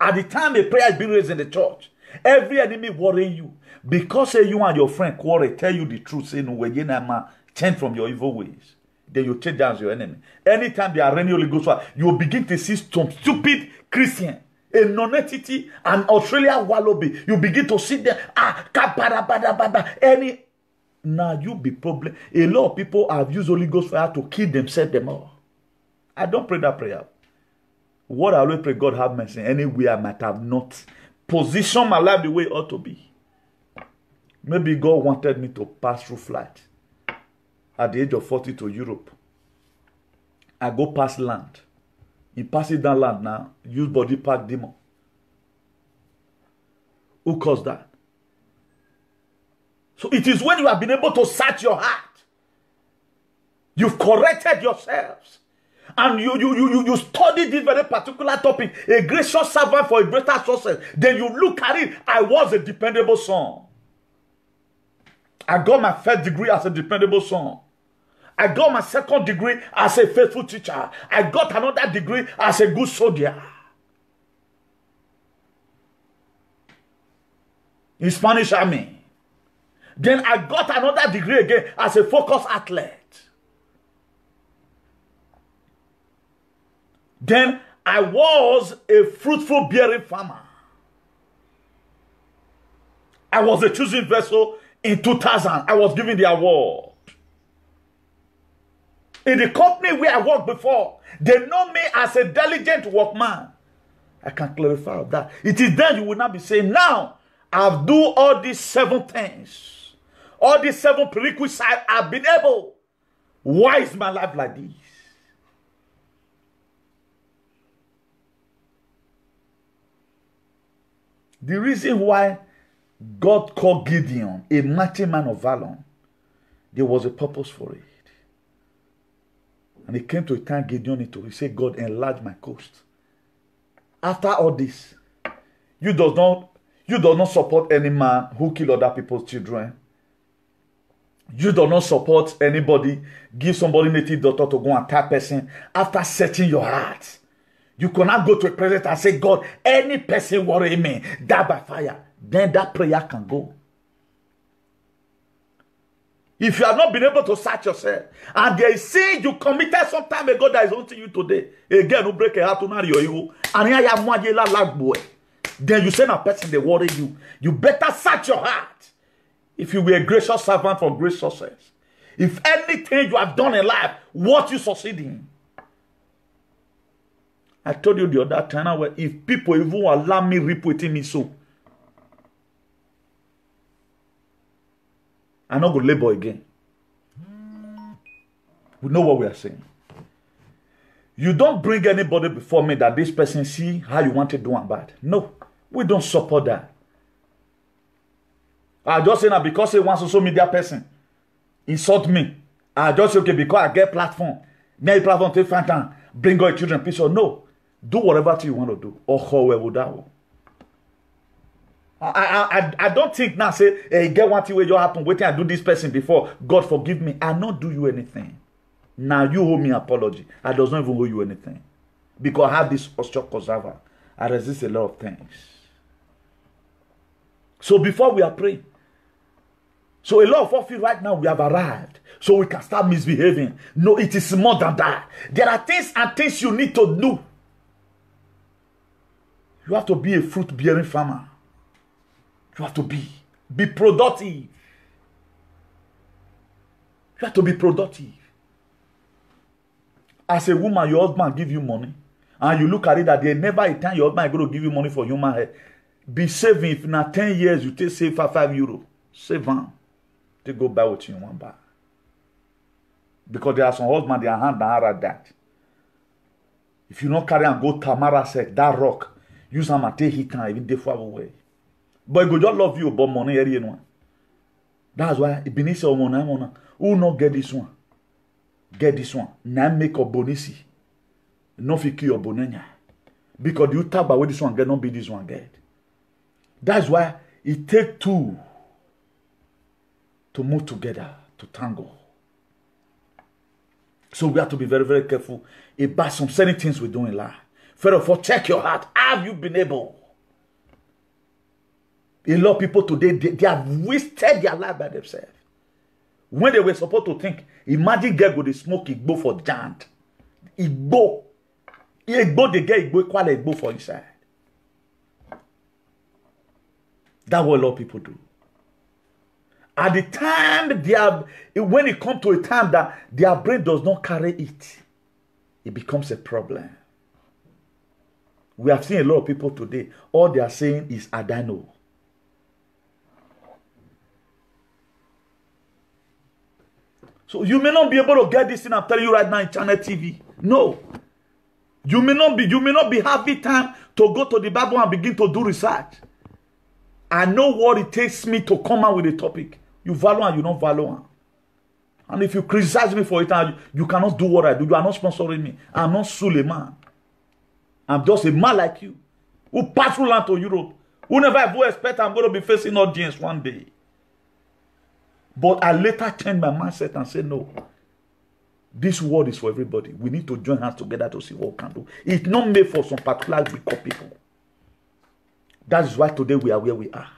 At the time a prayer is being raised in the church, every enemy worrying you. Because say you and your friend quarrel, tell you the truth, say no, change from your evil ways then you chase down your enemy. Anytime they are raining Holy Ghost fire, you begin to see some stupid Christian, a non-entity, an Australia wallaby. You begin to see them, ah, kabada, bada, bada, any. Now you be problem. A lot of people have used Holy Ghost fire to kill themselves them all. I don't pray that prayer. What I always pray, God have mercy. Anywhere I might have not positioned my life the way it ought to be. Maybe God wanted me to pass through flight at the age of 40 to Europe. I go past land. In passing that land now, use body part demon. Who caused that? So it is when you have been able to search your heart. You've corrected yourselves. And you, you, you, you, you study this very particular topic, a gracious servant for a greater success. Then you look at it, I was a dependable son. I got my first degree as a dependable son. I got my second degree as a faithful teacher. I got another degree as a good soldier. In Spanish Army. Then I got another degree again as a focus athlete. Then I was a fruitful bearing farmer. I was a choosing vessel in 2000. I was given the award. In the company where I worked before, they know me as a diligent workman. I can clarify of that. It is then you will not be saying, now I've do all these seven things, all these seven prerequisites. I've been able. Why is my life like this? The reason why God called Gideon a mighty man of valor, there was a purpose for it. And he came to a time Gideon into. He said, God, enlarge my coast. After all this, you does not you does not support any man who kill other people's children. You do not support anybody, give somebody native daughter to go and attack person after setting your heart. You cannot go to a president and say, God, any person worry me, die by fire. Then that prayer can go. If you have not been able to search yourself, and there is sin you committed some time ago that is haunting you today, again, you break your heart to marry your ego, and here you are, la boy, Then you send a person they worry you. You better search your heart. If you were a gracious servant for great success, if anything you have done in life, what you succeed in. I told you the other time, if people even allow me repeating me so, I no go labor again. We know what we are saying. You don't bring anybody before me that this person see how you want to do bad. No, we don't support that. I just say that because say one social media person insult me. I just say okay because I get platform. Now platform take fan time. Bring your children peace or no. Do whatever you want to do. Oh how well would that work? I, I, I don't think now say, hey, get one thing where you happen, waiting I do this person before. God forgive me. I not do you anything. Now you owe me apology. I does not even owe you anything. Because I have this ostro cassava. I resist a lot of things. So before we are praying, so a lot of us feel right now we have arrived. So we can start misbehaving. No, it is more than that. There are things and things you need to do. You have to be a fruit bearing farmer. You have to be. Be productive. You have to be productive. As a woman, your husband give you money. And you look at it that there never a time your husband is going to give you money for human head. Be saving. If na 10 years, you take save for 5 euro. Save am. They go buy what you want buy. Because there are some husband, their hand and hand that. If you not carry and go Tamara said, that rock, use am and take hit am, even dey far away but e go just love you but money area no that's why ibinisi ọmọ na ọmọ na who no get this one get this one na make obonisi no fit kill obonanya because you utaba wey this one get no be this one get that's why it take two to move together to tango so we have to be very very careful about some certain things we do in life first of all check your heart have you been able A lot of people today, they, they have wasted their life by themselves. When they were supposed to think, imagine girl go dey smoke igbo for jant. Igbo. Igbo dey get igbo equal igbo for inside. That's what a lot of people do. At the time they are, when it comes to a time that their brain does not carry it, it becomes a problem. We have seen a lot of people today, all they are saying is adano. So you may not be able to get this thing I'm telling you right now in Channel TV. No. You may not be you may not be having time to go to the Bible and begin to do research. I know what it takes me to come out with a topic. You value and you don't value. And if you criticize me for it, you, you cannot do what I do. You are not sponsoring me. I'm not Suleiman. I'm just a man like you who pass through land to Europe, who never ever expect I'm going to be facing audience one day. But I later changed my mindset and said, no, this world is for everybody. We need to join hands together to see what we can do. It's not made for some particular group of people. That is why today we are where we are.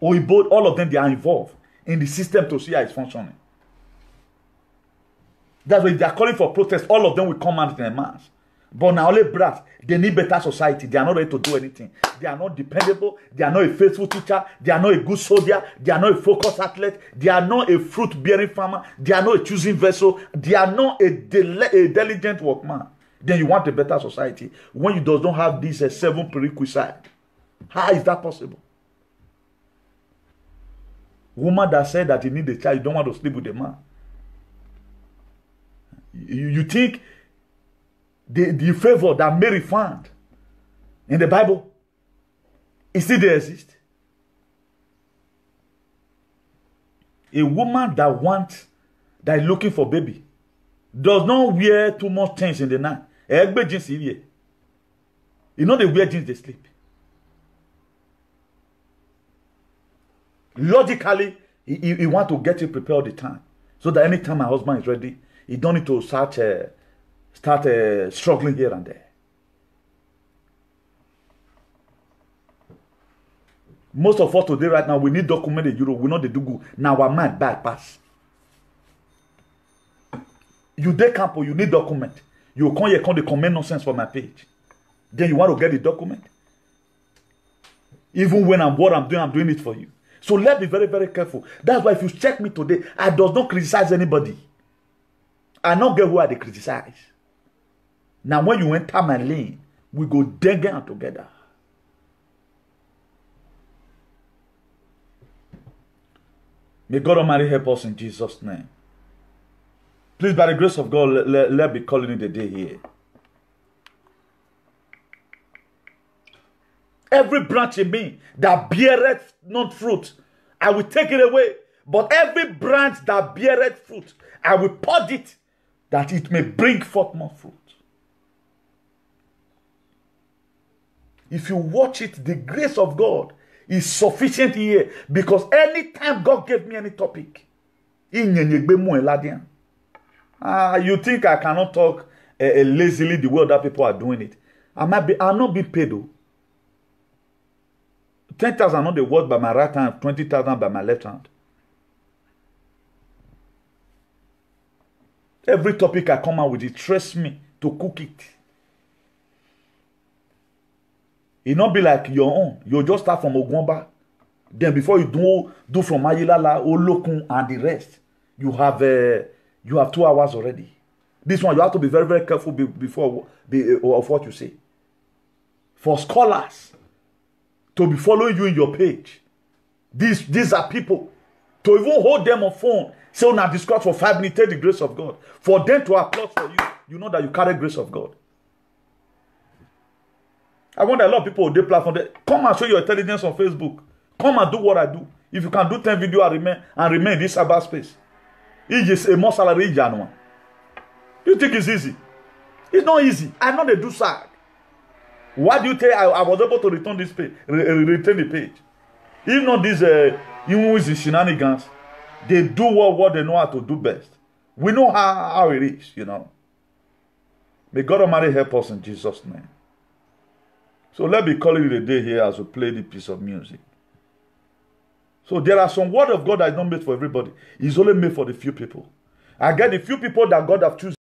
We both, all of them, they are involved in the system to see how it's functioning. That's why if they are calling for protest, all of them will come out in a mass. But now only brats, they need better society. They are not ready to do anything. They are not dependable. They are not a faithful teacher. They are not a good soldier. They are not a focused athlete. They are not a fruit bearing farmer. They are not a choosing vessel. They are not a, del a diligent workman. Then you want a better society when you does not have these uh, seven prerequisites. How is that possible? Woman that said that you need a child, you don't want to sleep with a man. You, you think the, the favor that Mary found in the Bible, it still they exist. A woman that wants, that is looking for baby, does not wear too much things in the night. Egbe jeans in here. You e know they wear jeans, they sleep. Logically, he, he, he want to get you prepared all the time. So that anytime my husband is ready, he don't need to search uh, start struggling here and there. Most of us today right now, we need document the euro. We know the Dugu. Now our mind bad pass. You day camp or you need document. You come here, come The comment nonsense for my page. Then you want to get the document. Even when I'm what I'm doing, I'm doing it for you. So let's be very, very careful. That's why if you check me today, I does not criticize anybody. I don't get who I they criticize. Now, when you enter my lane, we go digging together. May God Almighty help us in Jesus' name. Please, by the grace of God, let, let, let be calling it the day here. Every branch in me that beareth not fruit, I will take it away. But every branch that beareth fruit, I will pod it, that it may bring forth more fruit. If you watch it, the grace of God is sufficient here because anytime God gave me any topic, ah, you think I cannot talk uh, lazily the way other people are doing it. I might be, I'm not being paid though. 10,000 not the word by my right hand, 20,000 by my left hand. Every topic I come out with, it trust me to cook it. It not be like your own you just start from ogunba then before you do do from mayilala olokun and the rest you have uh, you have two hours already this one you have to be very very careful before be, uh, of what you say for scholars to be following you in your page these these are people to even hold them on phone say una oh, discuss for five minutes take the grace of god for them to applaud for you you know that you carry grace of god I wonder a lot of people they platform. That, come and show your intelligence on Facebook. Come and do what I do. If you can do 10 video and remain, and remain in this cyber space. It is a more salary January. You think it's easy? It's not easy. I know they do SAG. Why do you think I, I was able to return this page, re, return the page? If not these uh, Iwuzi shenanigans, they do what, what they know how to do best. We know how, how it is, you know. May God Almighty help us in Jesus' name. So let me call it a day here as we play the piece of music. So there are some word of God that is not made for everybody. It's only made for the few people. I get the few people that God have chosen.